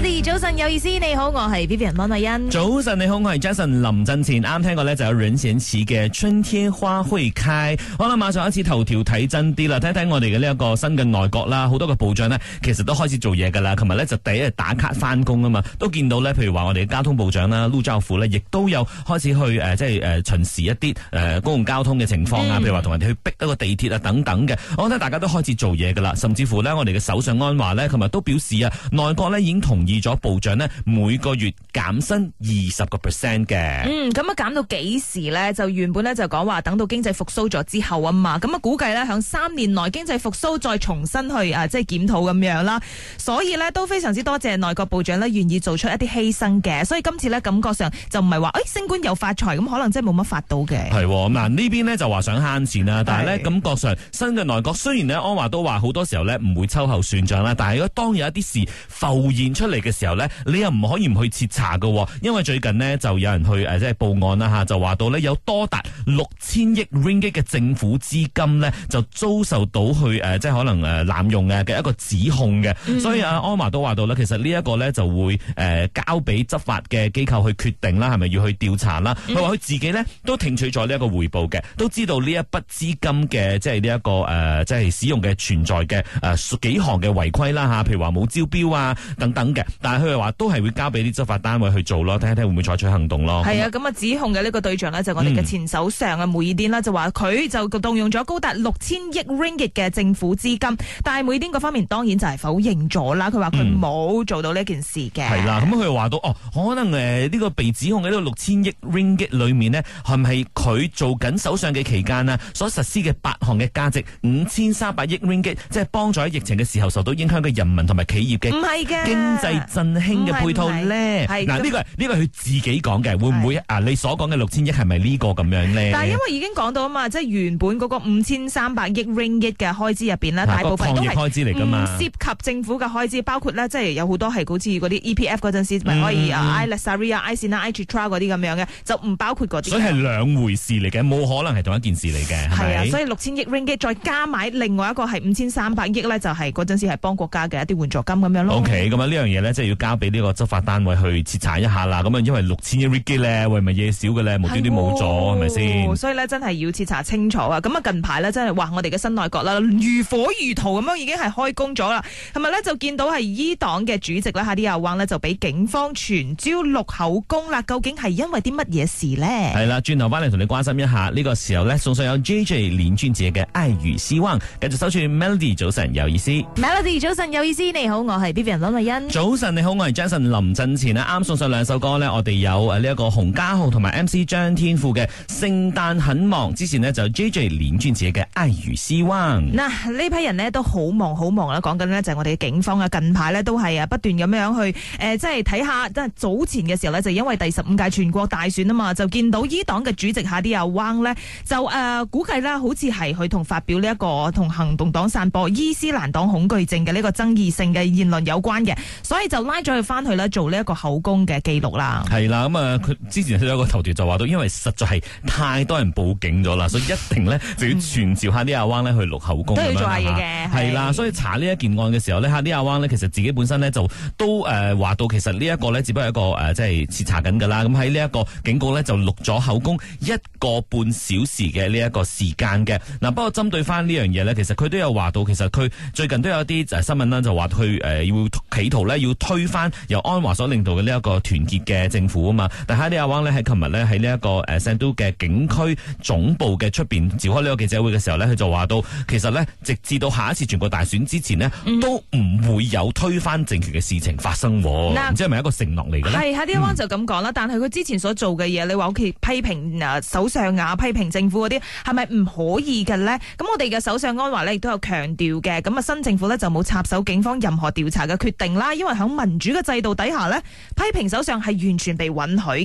我哋早晨有意思，你好，我係 B B 人溫麗欣，早晨你好，我係 Jason 林振前。啱聽過呢，就有阮咸池嘅春天花會開。好啦，馬上一次頭條睇真啲啦，睇睇我哋嘅呢一個新嘅內閣啦，好多嘅部長呢，其實都開始做嘢噶啦。琴日呢，就第一日打卡翻工啊嘛，都見到呢。譬如話我哋嘅交通部長啦，盧照富咧，亦都有開始去誒，即係誒巡視一啲誒、呃、公共交通嘅情況啊，嗯、譬如話同人哋去逼一個地鐵啊等等嘅。我覺得大家都開始做嘢噶啦，甚至乎呢，我哋嘅首相安華呢，琴日都表示啊，內閣呢已經同二咗部長呢，每個月減薪二十個 percent 嘅。嗯，咁啊減到幾時呢？就原本咧就講話等到經濟復蘇咗之後啊嘛。咁啊估計咧響三年內經濟復蘇再重新去啊即係檢討咁樣啦。所以呢，都非常之多謝內閣部長呢，願意做出一啲犧牲嘅。所以今次呢，感覺上就唔係話誒升官又發財咁，可能真係冇乜發到嘅。係咁嗱，呢邊呢，就話想慳錢啦，但係呢，感覺上新嘅內閣雖然呢，安華都話好多時候呢，唔會秋後算賬啦，但係如果當有一啲事浮現出嚟。嘅時候咧，你又唔可以唔去徹查嘅、哦，因為最近呢，就有人去誒即係報案啦嚇、啊，就話到呢有多達六千億 ringgit 嘅政府資金呢，就遭受到去誒、呃、即係可能誒濫用嘅嘅一個指控嘅，嗯、所以阿安瑪都話到呢，其實呢一個呢就會誒、呃、交俾執法嘅機構去決定啦，係咪要去調查啦？佢話佢自己呢都聽取咗呢一個回報嘅，都知道呢一筆資金嘅即係呢一個誒、呃、即係使用嘅存在嘅誒、呃、幾項嘅違規啦嚇、啊，譬如話冇招標啊等等嘅。但係佢哋話都係會交俾啲執法單位去做咯，睇一睇會唔會採取行動咯。係啊，咁啊指控嘅呢個對象呢，就是、我哋嘅前首相啊、嗯、慕爾丁啦，就話佢就動用咗高達六千億 ringgit 嘅政府資金，但係慕爾丁嗰方面當然就係否認咗啦，佢話佢冇做到呢件事嘅。係啦、嗯，咁佢又話到哦，可能誒呢個被指控嘅呢個六千億 ringgit 裏面呢，係唔係佢做緊首相嘅期間啊所實施嘅八項嘅價值五千三百億 ringgit，即係幫助喺疫情嘅時候受到影響嘅人民同埋企業嘅唔係嘅經濟。振興嘅配套咧，嗱呢個呢佢自己講嘅，會唔會啊？你所講嘅六千億係咪呢個咁樣咧？但係因為已經講到啊嘛，即原本嗰個五千三百億 ringgit 嘅開支入邊咧，大部分都係唔涉及政府嘅開支，包括咧即有好多係好似嗰啲 EPF 陣陣時咪可以 i s a r i a Isin、Ictra 嗰啲咁樣嘅，就唔包括嗰啲。所以係兩回事嚟嘅，冇可能係同一件事嚟嘅。係啊，所以六千億 ringgit 再加埋另外一個係五千三百億咧，就係嗰陣時幫國家嘅一啲援助金咁樣咯。OK，咁啊呢樣嘢。即係要交俾呢個執法單位去徹查一下啦，咁啊因為六千 r 隻耳機咧，會咪嘢少嘅咧，無端端冇咗，係咪先？係咪呢，所以咧真係要徹查清楚啊！咁啊近排咧真係話我哋嘅新內閣啦，如火如荼咁樣已經係開工咗啦。今咪咧就見到係伊黨嘅主席啦，哈迪阿旺咧就俾警方傳召錄口供啦。究竟係因為啲乜嘢事呢？係啦，轉頭翻嚟同你關心一下呢，這個時候咧，送上有 J J 林俊傑嘅《愛與希望》，繼續收住 Melody 早晨有意思。Melody 早晨有意思，你好，我係 Vivian 林麗欣。早晨，你好，我係 Jason 林振前咧，啱送上兩首歌呢，我哋有誒呢一個洪嘉豪同埋 MC 張天賦嘅《聖誕很忙》，之前呢、呃，就 JJ 連珠姐嘅《哀如斯彎》。嗱，呢批人呢都好忙好忙啦，講緊咧就我哋嘅警方啊，近排呢都係啊不斷咁樣去誒，即係睇下，即係早前嘅時候呢，就因為第十五屆全國大選啊嘛，就見到伊黨嘅主席哈迪阿旺呢，就、呃、誒估計呢好似係佢同發表呢、這、一個同行動黨散播伊斯蘭黨恐懼症嘅呢個爭議性嘅言論有關嘅，所。所以就拉咗佢翻去啦，做呢一個口供嘅記錄啦。係啦，咁、嗯、啊，佢之前有一個頭條就話到，因為實在係太多人報警咗啦， 所以一定呢就要傳召下呢亞灣呢去錄口供。都要做下嘢嘅。係啦的，所以查呢一件案嘅時候呢，下呢亞灣呢其實自己本身呢就都誒話到，其實呢一個呢只不過係一個誒即係徹查緊噶啦。咁喺呢一個警局呢就錄咗口供一個半小時嘅呢一個時間嘅。嗱，不過針對翻呢樣嘢呢，其實佢都有話到，其實佢最近都有啲新聞呢就話佢誒要企圖呢。要推翻由安華所領導嘅呢一個團結嘅政府啊嘛，但係阿李亞王喺琴日呢，喺呢一個誒聖都嘅警區總部嘅出邊召開呢個記者會嘅時候呢，佢就話到，其實呢，直至到下一次全國大選之前呢，嗯、都唔會有推翻政權嘅事情發生，唔、嗯、知係咪一個承諾嚟嘅呢？係阿李亞王就咁講啦，嗯、但係佢之前所做嘅嘢，你話好似批評啊首相啊批評政府嗰啲，係咪唔可以嘅呢？咁我哋嘅首相安華呢，亦都有強調嘅，咁啊新政府呢，就冇插手警方任何調查嘅決定啦，因為。喺民主嘅制度底下咧，批評首相係完全被允許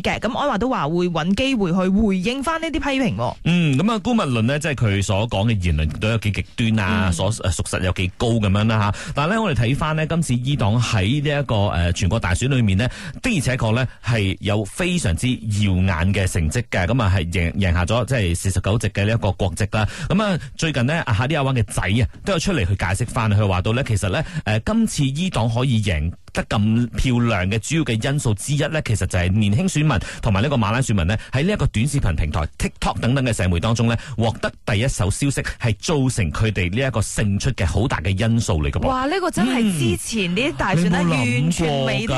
嘅。咁安華都話會揾機會去回應翻呢啲批評、嗯。嗯，咁啊，姑勿論呢，即係佢所講嘅言論都有幾極端啊，嗯、所誒屬實有幾高咁樣啦吓。但係咧，我哋睇翻呢，今次伊黨喺呢一個誒、呃、全國大選裏面呢，的而且確呢係有非常之耀眼嘅成績嘅。咁、嗯、啊，係贏贏下咗即係四十九席嘅呢一個國席啦。咁、嗯、啊，最近呢，阿、啊、哈迪亞文嘅仔啊，都有出嚟去解釋翻，佢話到呢，其實呢，誒、呃、今次伊黨可以贏。得咁漂亮嘅主要嘅因素之一呢，其實就係年輕選民同埋呢個馬拉選民呢，喺呢一個短視頻平台 TikTok 等等嘅社媒當中呢，獲得第一手消息，係造成佢哋呢一個勝出嘅好大嘅因素嚟嘅。哇！呢、這個真係之前啲大選咧、啊，嗯、完全未聽過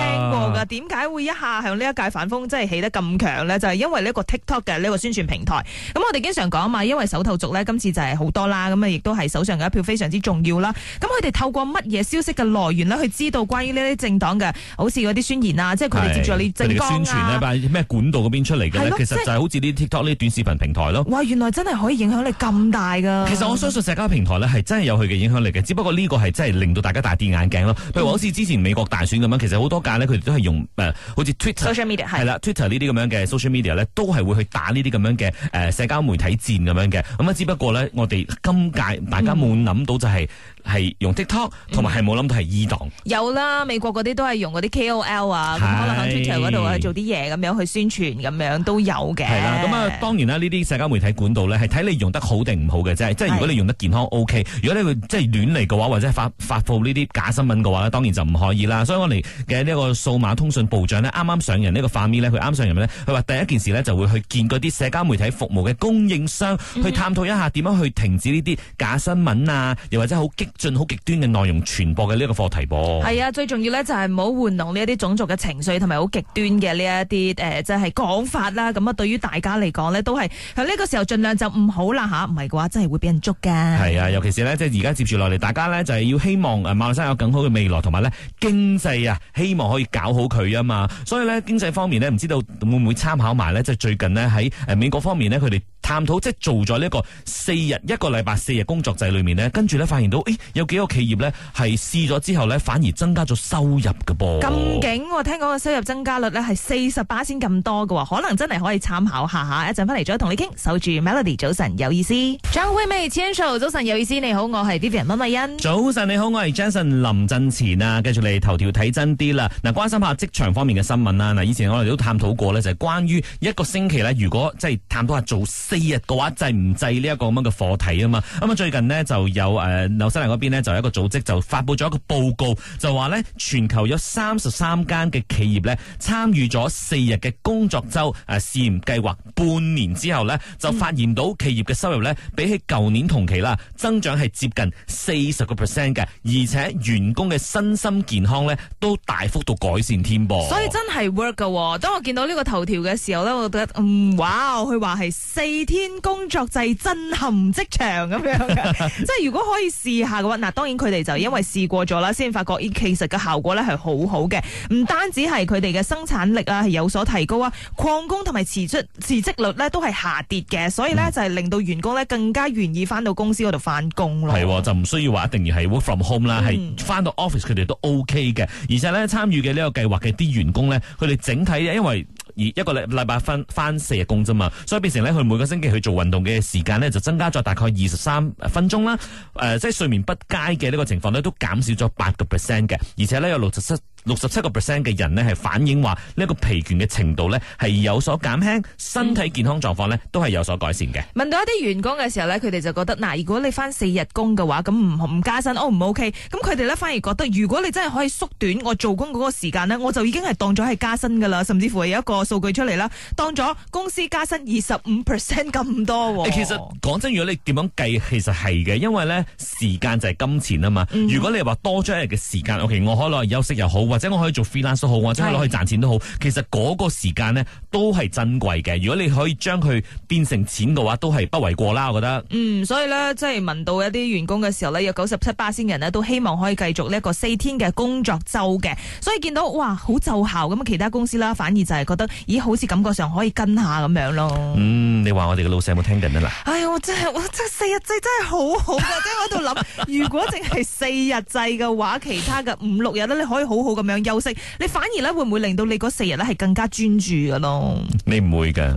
㗎。點解會一下向呢一屆反風真係起得咁強呢？就係、是、因為呢個 TikTok 嘅呢個宣傳平台。咁、嗯、我哋經常講啊嘛，因為首投族呢今次就係好多啦。咁、嗯、啊，亦都係手上嘅一票非常之重要啦。咁佢哋透過乜嘢消息嘅來源呢去知道關於呢啲？政黨嘅，好似嗰啲宣言啊，即係佢哋借助啲政綱啊，咩、啊、管道嗰邊出嚟嘅咧，的其實就係好似啲 TikTok 呢啲短視頻平台咯。哇，原來真係可以影響力咁大噶。其實我相信社交平台咧係真係有佢嘅影響力嘅，只不過呢個係真係令到大家大跌眼鏡咯。譬如好似之前美國大選咁樣，嗯、其實好多屆呢，佢哋都係用誒，好似 Twitter 係啦，Twitter 呢啲咁樣嘅 social media 咧，這些這樣的 so、media 都係會去打呢啲咁樣嘅誒、呃、社交媒體戰咁樣嘅。咁啊，只不過咧，我哋今屆大家冇諗到就係、是。嗯係用 TikTok 同埋係冇諗到係二檔。有啦，美國嗰啲都係用嗰啲 KOL 啊，是可能喺 Twitter 嗰度去做啲嘢，咁樣去宣傳，咁樣都有嘅。係啦，咁啊，當然啦，呢啲社交媒體管道咧，係睇你用得好定唔好嘅啫。即係如果你用得健康 OK，的如果你即係亂嚟嘅話，或者發發佈呢啲假新聞嘅話咧，當然就唔可以啦。所以我哋嘅呢個數碼通訊部長呢，啱啱上任呢，這個化咪，佢啱上任，佢話第一件事呢，就會去見嗰啲社交媒體服務嘅供應商，去探討一下點樣去停止呢啲假新聞啊，又或者好激。盡好極端嘅內容傳播嘅呢個課題噃，係啊，最重要咧就係唔好玩弄呢一啲種族嘅情緒同埋好極端嘅呢一啲誒，即、呃、係、就是、講法啦。咁啊，對於大家嚟講呢，都係喺呢個時候盡量就唔好啦吓，唔係嘅話真係會俾人捉㗎。係啊，尤其是呢，即係而家接住落嚟，大家呢就係、是、要希望誒馬來西亞有更好嘅未來，同埋呢經濟啊，希望可以搞好佢啊嘛。所以呢，經濟方面呢，唔知道會唔會參考埋呢？即、就、係、是、最近呢，喺美國方面呢，佢哋探討即係做咗呢個四日一個禮拜四日工作制裏面呢，跟住呢發現到、欸有幾個企業咧係試咗之後咧，反而增加咗收入嘅噃。咁勁！我聽講個收入增加率咧係四十巴仙咁多㗎喎，可能真係可以參考下下。一陣翻嚟再同你傾。守住 Melody，早晨有意思。張惠偉 Charles 早晨有意思。你好，我係 Vivian 溫美欣。早晨你好，我係 Jensen 林振前啊。繼續你頭條睇真啲啦。嗱，關心下職場方面嘅新聞啦。嗱，以前我哋都探討過咧，就係、是、關於一個星期咧，如果即係探討下做四日嘅話，制唔制呢一個咁樣嘅課題啊嘛。咁啊，最近呢，就有、呃呢邊呢，就有一個組織就發布咗一個報告，就話呢，全球有三十三間嘅企業呢參與咗四日嘅工作周誒試驗計劃，啊、半年之後呢，就發現到企業嘅收入呢，比起舊年同期啦增長係接近四十個 percent 嘅，而且員工嘅身心健康呢都大幅度改善添噃。所以真係 work，噶、哦，當我見到呢個頭條嘅時候呢，我覺得嗯，哇，佢話係四天工作制震撼職場咁樣嘅， 即係如果可以試下。嗱嗱，當然佢哋就因為試過咗啦，先發覺依其實嘅效果咧係好好嘅，唔單止係佢哋嘅生產力啊係有所提高啊，曠工同埋辭職辭職率咧都係下跌嘅，所以咧就係令到員工咧更加願意翻到公司嗰度翻工咯。係、嗯哦，就唔需要話一定要係 work from home 啦、嗯，係翻到 office 佢哋都 OK 嘅，而且咧參與嘅呢個計劃嘅啲員工咧，佢哋整體因為。而一個禮禮拜返返四日工啫嘛，所以變成咧，佢每個星期去做運動嘅時間咧，就增加咗大概二十三分鐘啦。誒、呃，即係睡眠不佳嘅呢個情況咧，都減少咗八個 percent 嘅，而且咧有六十七。六十七個 percent 嘅人呢係反映話呢個疲倦嘅程度呢係有所減輕，身體健康狀況呢都係有所改善嘅。問到一啲員工嘅時候呢，佢哋就覺得嗱、呃，如果你翻四日工嘅話，咁唔唔加薪，O 唔 O K？咁佢哋呢反而覺得，如果你真係可以縮短我做工嗰個時間呢，我就已經係當咗係加薪㗎啦。甚至乎係有一個數據出嚟啦，當咗公司加薪二十五 percent 咁多、哦。其實講真，如果你點樣計，其實係嘅，因為呢時間就係金錢啊嘛。如果你話多咗一日嘅時間，O K，我可能休息又好。或者我可以做 freelance 都好，或者我可以賺錢都好，的其實嗰個時間咧都係珍貴嘅。如果你可以將佢變成錢嘅話都係不為過啦。我覺得。嗯，所以咧，即係問到一啲員工嘅時候咧，有九十七八先人咧都希望可以繼續呢一個四天嘅工作周嘅。所以見到哇，好奏效咁啊！其他公司啦，反而就係覺得，咦，好似感覺上可以跟下咁樣咯。嗯，你話我哋嘅老細有冇聽緊啊？啦，哎呀，我真係我真係四日制真係好好、啊、嘅，即係 我喺度諗，如果淨係四日制嘅話，其他嘅五六日咧，你可以好好咁。咁樣休息，你反而咧會唔會令到你嗰四日咧係更加專注噶咯？你唔會嘅，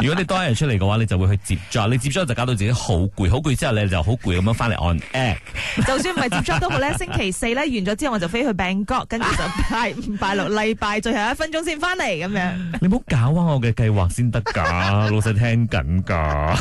如果你多一日出嚟嘅話， 你就會去接觸，你接觸就搞到自己好攰，好攰之後你就好攰咁樣翻嚟按 act。就算唔係接觸都好咧， 星期四咧完咗之後，我就飛去 Bangkok 跟住就拜五拜六禮拜最後一分鐘先翻嚟咁樣。你唔好搞歪我嘅計劃先得噶， 老細聽緊噶。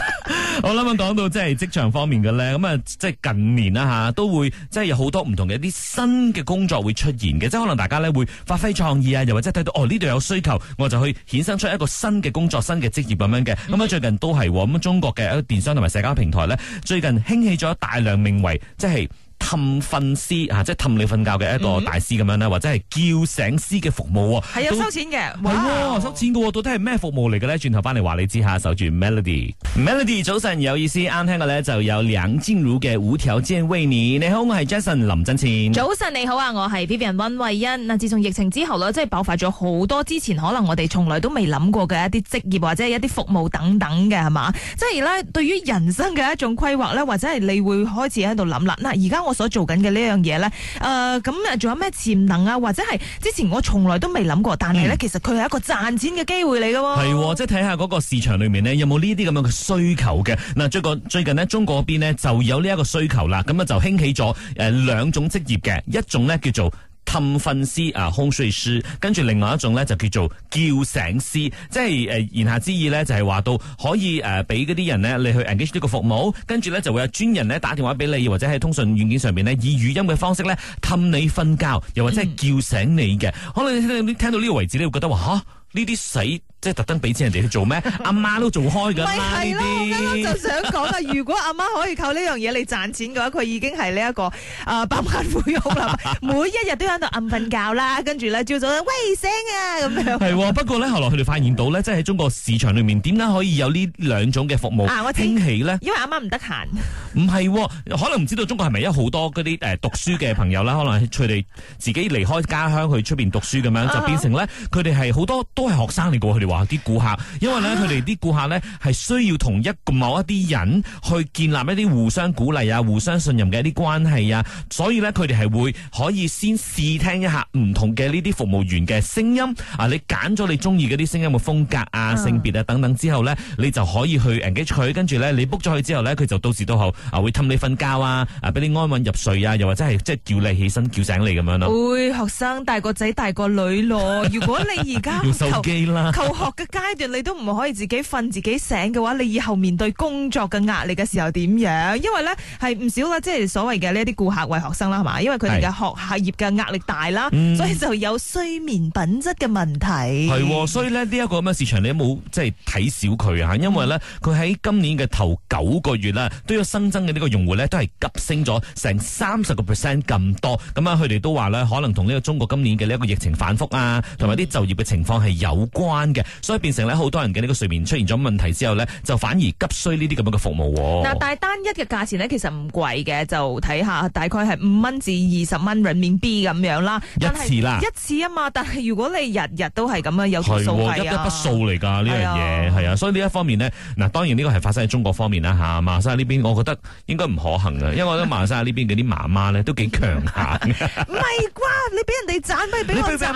我諗啊，講到即係職場方面嘅咧，咁啊，即係近年啦吓，都會即係有好多唔同嘅一啲新嘅工作會出現嘅，即可能大。家咧會發揮創意啊，又或者睇到哦，呢度有需求，我就去衍生出一個新嘅工作、新嘅職業咁樣嘅。咁、嗯、啊最近都係咁、哦，中國嘅一個電商同埋社交平台咧，最近興起咗大量名為即係。氹瞓師啊，即係氹你瞓覺嘅一個大師咁樣啦，嗯、哼或者係叫醒師嘅服務喎，係有收錢嘅，都哇、啊、收錢嘅，到底係咩服務嚟嘅咧？轉頭翻嚟話你知下，守住 Melody，Melody Mel 早晨有意思啱 聽嘅咧，就有梁靜茹嘅《無條件為你》。你好，我係 Jason 林振軒。早晨你好啊，我係 Vivian 溫慧欣。嗱，自從疫情之後呢，即係爆發咗好多之前可能我哋從來都未諗過嘅一啲職業或者係一啲服務等等嘅係嘛，即係咧對於人生嘅一種規劃咧，或者係你會開始喺度諗啦。嗱而家我。我所做緊嘅呢樣嘢咧，誒、呃，咁啊，仲有咩潛能啊？或者係之前我從來都未諗過，但係咧，其實佢係一個賺錢嘅機會嚟嘅。係、嗯，即係睇下嗰個市場裏面呢，有冇呢啲咁樣嘅需求嘅。嗱，最近最近咧，中國嗰邊呢就有呢一個需求啦，咁啊就興起咗誒兩種職業嘅，一種咧叫做。氹瞓師啊，空睡師，跟住另外一種咧就叫做叫醒師，即係誒言下之意咧就係、是、話到可以誒俾嗰啲人咧你去 engage 呢個服務，跟住咧就會有專人咧打電話俾你，或者喺通訊軟件上邊咧以語音嘅方式咧氹你瞓覺，又或者係叫醒你嘅，嗯、可能你聽到呢個位置你會覺得話吓呢啲死。即係特登俾錢人哋去做咩？阿 媽都做開噶，咪係咯， 我啱啱就想講啦。如果阿媽，媽可以靠呢樣嘢嚟賺錢嘅話，佢已經係呢一個誒百萬富翁啦，媽媽每一日都喺度暗瞓覺啦。跟住咧，朝早咧喂聲啊咁樣。係 、啊，不過咧，後來佢哋發現到咧，即係喺中國市場裏面點解可以有呢兩種嘅服務興、啊、起咧？因為阿媽唔得閒。唔係、啊，可能唔知道中國係咪有好多嗰啲誒讀書嘅朋友啦？ 可能佢哋自己離開家鄉去出邊讀書咁樣，就變成咧佢哋係好多都係學生嚟過去。話啲顧客，因為咧佢哋啲顧客咧係需要同一某一啲人去建立一啲互相鼓勵啊、互相信任嘅一啲關係啊，所以咧佢哋係會可以先試聽一下唔同嘅呢啲服務員嘅聲音啊，你揀咗你中意嗰啲聲音嘅風格啊、性別啊等等之後咧，你就可以去誒幾佢，跟住咧你 book 咗佢之後咧，佢就到時到候啊會氹你瞓覺啊，啊俾你安穩入睡啊，又或者係即係叫你起身叫醒你咁樣咯。會學生大個仔大個女咯，如果你而家用手機啦。學嘅階段，你都唔可以自己瞓自己醒嘅話，你以後面對工作嘅壓力嘅時候點樣？因為呢係唔少啦，即係所謂嘅呢啲顧客為學生啦，係嘛？因為佢哋嘅學業嘅壓力大啦，是所以就有睡眠品質嘅問題。係、嗯，所以呢一個咁樣市場，你有冇即係睇小佢吓，因為呢，佢喺、嗯、今年嘅頭九個月啦，都有新增嘅呢個用戶呢都係急升咗成三十個 percent 咁多。咁啊，佢哋都話呢，可能同呢個中國今年嘅呢一個疫情反覆啊，同埋啲就業嘅情況係有關嘅。所以變成咧好多人嘅呢個睡眠出現咗問題之後咧，就反而急需呢啲咁樣嘅服務。嗱，但係單一嘅價錢咧，其實唔貴嘅，就睇下大概係五蚊至二十蚊人民幣咁樣啦。一次啦，一次啊嘛，但係如果你日日都係咁樣、哦、有數計噶。係，一筆數嚟噶呢樣嘢，係啊、哦。所以呢一方面呢，嗱，當然呢個係發生喺中國方面啦吓馬西亞。呢邊我覺得應該唔可行嘅，因為我覺得馬西亞呢邊嘅啲媽媽咧都幾強硬。唔係啩？你俾人哋賺不如俾我賺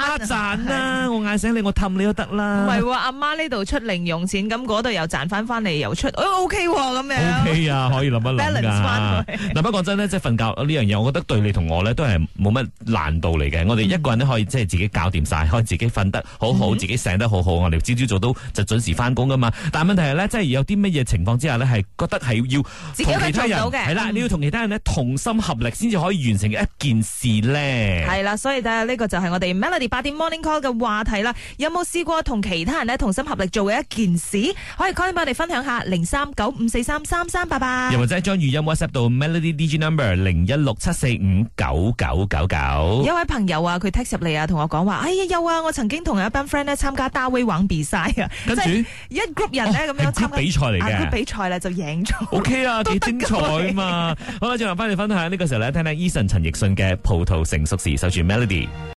啦、啊！我嗌醒你，我氹你都得啦。阿媽呢度出零用錢，咁嗰度又賺翻翻嚟又出，O K 咁樣。O、OK、K 啊，可以諗一諗噶。嗱 Balance 不過講真呢， 即係瞓覺呢樣嘢，我覺得對你同我呢都係冇乜難度嚟嘅。嗯、我哋一個人都可以即係自己搞掂晒，可以自己瞓得好好，嗯、哼自己醒得好好。我哋朝朝早都就準時翻工噶嘛。但係問題係呢，即係有啲乜嘢情況之下呢，係覺得係要同其他人，自己可以做到嘅。係啦，你要同其他人呢同心合力先至可以完成一件事咧。係啦，所以呢個就係我哋 Melody 八點 Morning Call 嘅話題啦。有冇試過同其他，同心合力做嘅一件事，可以 call 翻我哋分享下零三九五四三三三八八。又或者係將語音 WhatsApp 到 Melody DJ Number 零一六七四五九九九九。有一位朋友啊，佢 text 入嚟啊，同我講話，哎呀有啊，我曾經同一班 friend 咧參加 DAWY 玩比賽啊，跟住一 group 人咧咁樣參加比賽嚟嘅，比賽咧就贏咗。O K 啊，幾精彩啊嘛。好啦，再留翻嚟分享。呢個時候咧，聽聽 Eason 陳奕迅嘅《葡萄成熟時》，守住 Melody。